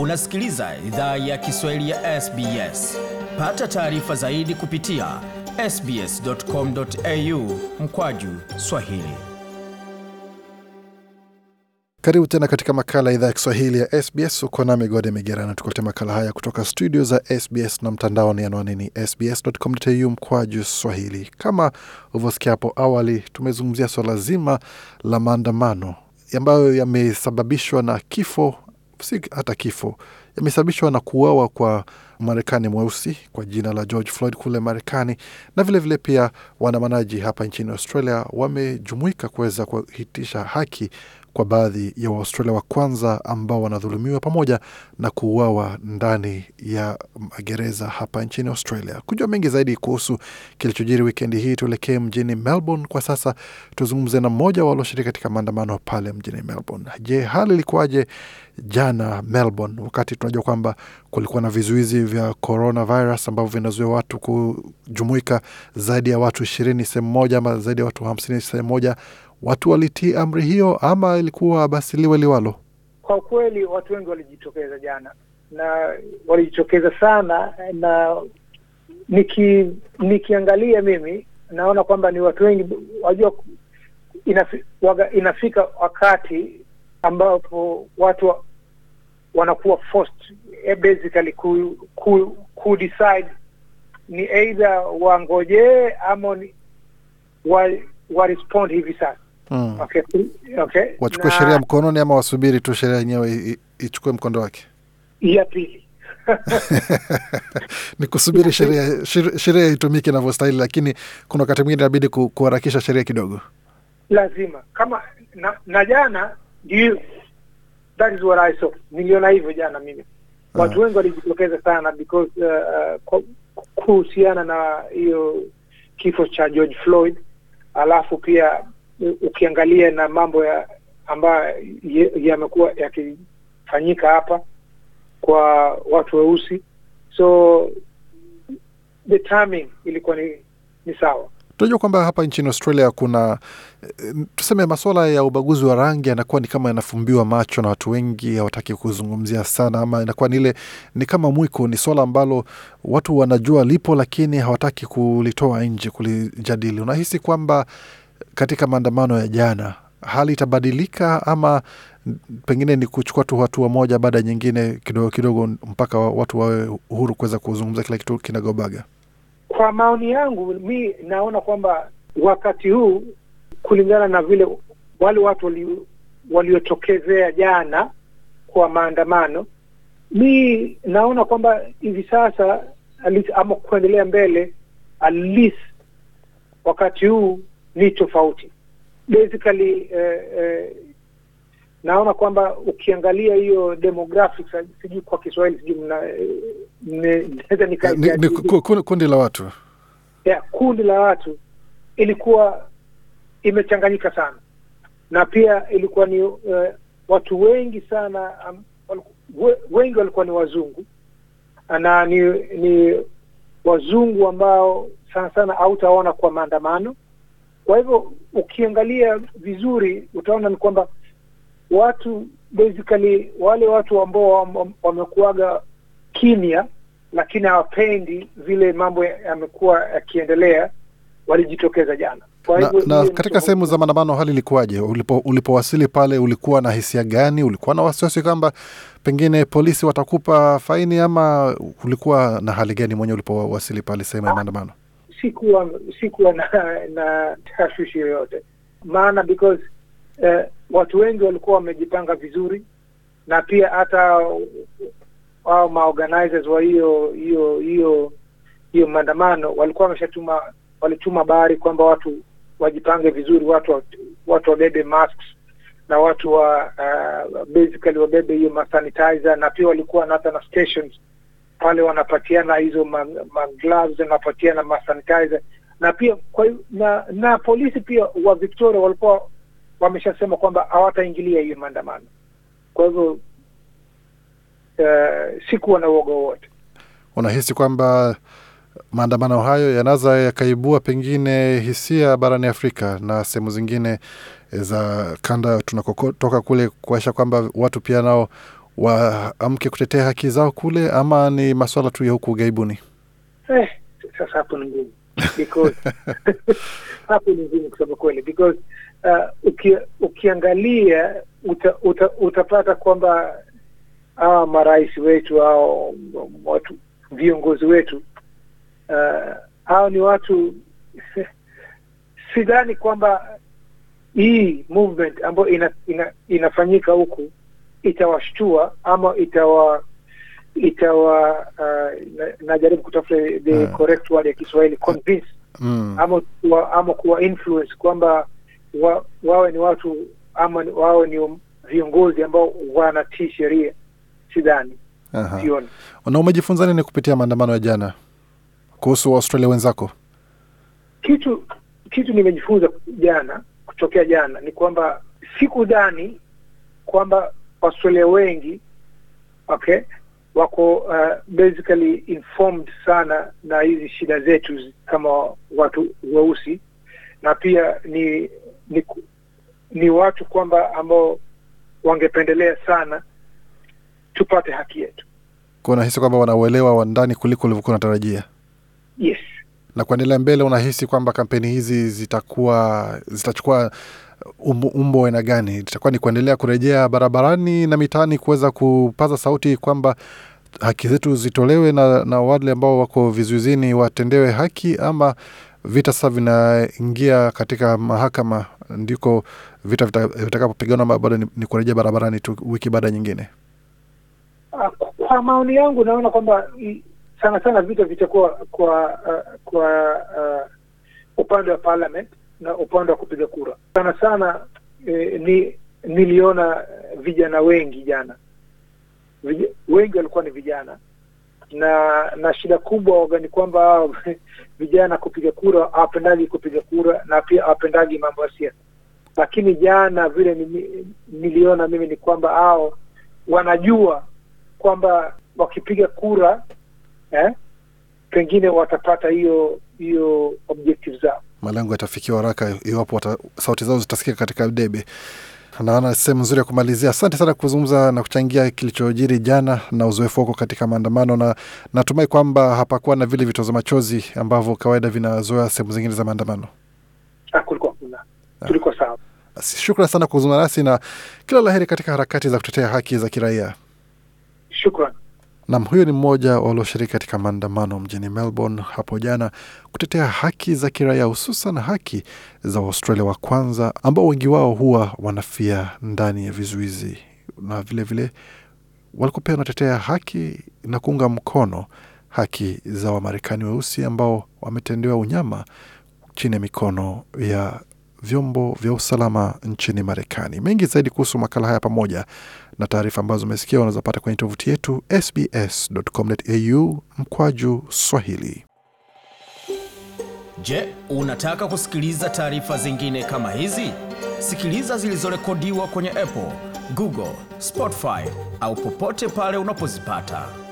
Unasikiliza idhaa ya Kiswahili ya SBS. Pata taarifa zaidi kupitia sbs.com.au mkwaju swahili. Karibu tena katika makala ya idhaa ya Kiswahili ya SBS. Uko na Migode Migerano tukulete makala haya kutoka studio za SBS na mtandaoni, anwani ni sbs.com.au mkwaju swahili. Kama ulivyosikia hapo awali, tumezungumzia swala zima la maandamano ambayo yamesababishwa na kifo si hata kifo, yamesababishwa na kuuawa kwa Marekani mweusi kwa jina la George Floyd kule Marekani, na vilevile vile pia waandamanaji hapa nchini Australia wamejumuika kuweza kuhitisha haki kwa baadhi ya Waaustralia wa kwanza ambao wanadhulumiwa pamoja na kuuawa ndani ya magereza hapa nchini Australia. Kujua mengi zaidi kuhusu kilichojiri wikendi hii, tuelekee mjini Melbourne kwa sasa, tuzungumze na mmoja walioshiriki katika maandamano pale mjini Melbourne. Je, hali ilikuwaje jana Melbourne, wakati tunajua kwamba kulikuwa na vizuizi vya coronavirus ambavyo vinazuia watu kujumuika zaidi ya watu ishirini sehemu moja ama zaidi ya watu hamsini sehemu moja watu walitii amri hiyo ama ilikuwa basi liwe liwalo? Kwa kweli watu wengi walijitokeza jana na walijitokeza sana, na niki, nikiangalia mimi naona kwamba ni watu wengi wajua, inafi, waga, inafika wakati ambapo watu wa, wanakuwa forced eh, basically ku, ku, ku decide ni eidha wangojee ama wa, wa respond hivi sasa. Mm. Okay, okay. Wachukue na... sheria mkononi ama wasubiri tu sheria yenyewe ichukue mkondo wake? Ya pili ni kusubiri sheria sheria itumike inavyostahili, lakini kuna wakati mwingine inabidi ku, kuharakisha sheria kidogo, lazima kama na, na jana ndiyo, that is what I saw. Niliona hivyo jana mimi Watu ah. wengi walijitokeza sana because uh, uh kuhusiana na hiyo kifo cha George Floyd, alafu pia ukiangalia na mambo ya ambayo yamekuwa yakifanyika hapa kwa watu weusi, so the timing ilikuwa ni, ni sawa. Tunajua kwamba hapa nchini Australia kuna tuseme, masuala ya ubaguzi wa rangi yanakuwa ni kama yanafumbiwa macho na watu wengi hawataki kuzungumzia sana, ama inakuwa ni ile ni kama mwiko, ni swala ambalo watu wanajua lipo, lakini hawataki kulitoa nje kulijadili. Unahisi kwamba katika maandamano ya jana, hali itabadilika ama pengine ni kuchukua tu hatua moja baada ya nyingine kidogo kidogo mpaka watu wawe uhuru kuweza kuzungumza kila kitu kinagobaga? Kwa maoni yangu mi naona kwamba wakati huu kulingana na vile wale watu waliotokezea jana kwa maandamano, mi naona kwamba hivi sasa ama kuendelea mbele at least wakati huu ni tofauti basically eh, eh, naona kwamba ukiangalia hiyo demographic sijui kwa Kiswahili sijui eh, naweza ni, kundi la watu yeah, kundi la watu ilikuwa imechanganyika sana, na pia ilikuwa ni uh, watu wengi sana um, we, wengi walikuwa ni wazungu na ni, ni wazungu ambao sana sana hautaona kwa maandamano kwa hivyo ukiangalia vizuri utaona ni kwamba watu basically wale watu ambao wamekuaga kimya lakini hawapendi vile mambo yamekuwa yakiendelea walijitokeza jana. na, na katika sehemu za maandamano hali ilikuwaje? Ulipo, ulipowasili pale ulikuwa na hisia gani? Ulikuwa na wasiwasi kwamba pengine polisi watakupa faini ama ulikuwa na hali gani mwenyewe ulipowasili pale sehemu ya maandamano? sikuwa sikuwa na, na tashwishi yoyote, maana because eh, watu wengi walikuwa wamejipanga vizuri, na pia hata wao maorganizers wa hiyo hiyo hiyo hiyo maandamano walikuwa wameshatuma walituma bahari kwamba watu wajipange vizuri, watu watu wabebe masks na watu wa uh, basically wabebe hiyo sanitizer, na pia walikuwa na hata na stations pale wanapatiana hizo maglavu wanapatiana masanitize na pia kwa na, na polisi pia wa Victoria walikuwa wameshasema kwamba hawataingilia hiyo maandamano. Kwa hivyo uh, sikuwa na uoga wowote. Unahisi kwamba maandamano hayo yanaweza yakaibua pengine hisia barani Afrika na sehemu zingine za kanda tunakotoka kule, kuaisha kwamba watu pia nao waamke kutetea haki zao kule, ama ni maswala tu ya huku ughaibuni? Eh, sasa hapo ni ngumu because hapo ni ngumu kusema kweli because uh, uki, ukiangalia uta, uta, utapata kwamba hawa marais wetu au watu viongozi wetu uh, hao uh, ni watu sidhani kwamba hii movement ambayo ina, ina, inafanyika huku itawashtua ama itawa itawa uh, najaribu kutafuta the uh, correct word ya Kiswahili convince mm. ama ama kuwa influence kwamba wa, wawe ni watu ama wawe ni viongozi ambao wanatii sheria. Sidhani, sioni. Na umejifunza nini kupitia maandamano ya jana kuhusu Waustralia wenzako? Kitu kitu nimejifunza jana kutokea jana ni kwamba sikudhani kwamba Waswahili wengi okay wako uh, basically informed sana na hizi shida zetu kama watu weusi, na pia ni ni, ni watu kwamba ambao wangependelea sana tupate haki yetu. Kwa unahisi kwamba wanauelewa wa ndani kuliko ulivyokuwa unatarajia? Yes. Na kuendelea mbele, unahisi kwamba kampeni hizi zitakuwa zitachukua umbo, umbo aina gani? Itakuwa ni kuendelea kurejea barabarani na mitaani kuweza kupaza sauti kwamba haki zetu zitolewe na, na wale ambao wako vizuizini watendewe haki, ama vita sasa vinaingia katika mahakama, ndiko vita vitakapopiganwa, vita bado ni, ni kurejea barabarani tu wiki baada nyingine. Ah, kwa maoni yangu naona kwamba sana sana vita vitakuwa kwa, kwa, uh, kwa uh, upande wa parliament na upande wa kupiga kura sana sana. E, ni niliona e, vijana wengi jana Vij, wengi walikuwa ni vijana na na shida kubwa ni kwamba vijana kupiga kura hawapendaji kupiga kura, na pia hawapendaji mambo ya siasa. Lakini jana vile niliona mimi ni kwamba hao wanajua kwamba wakipiga kura eh, pengine watapata hiyo hiyo objective zao malengo yatafikiwa haraka iwapo wata, sauti zao zitasikika katika debe. Naona sehemu nzuri ya kumalizia. Asante sana kuzungumza na kuchangia kilichojiri jana na uzoefu wako katika maandamano, na natumai kwamba hapakuwa na vile vitoza machozi ambavyo kawaida vinazoea sehemu zingine za maandamano. Ah, ah. Shukran sana kuzungumza nasi na kila laheri katika harakati za kutetea haki za kiraia. Shukran. Nam huyo ni mmoja walioshiriki katika maandamano mjini Melbourne hapo jana kutetea haki za kiraia, hususan haki za Waustralia wa kwanza ambao wengi wao huwa wanafia ndani ya vizuizi, na vilevile walikuwa pia wanatetea haki na kuunga mkono haki za Wamarekani weusi ambao wametendewa unyama chini ya mikono ya vyombo vya usalama nchini Marekani. Mengi zaidi kuhusu makala haya pamoja na taarifa ambazo umesikia unaweza pata kwenye tovuti yetu sbs.com.au mkwaju Swahili. Je, unataka kusikiliza taarifa zingine kama hizi? Sikiliza zilizorekodiwa kwenye Apple, Google, Spotify au popote pale unapozipata.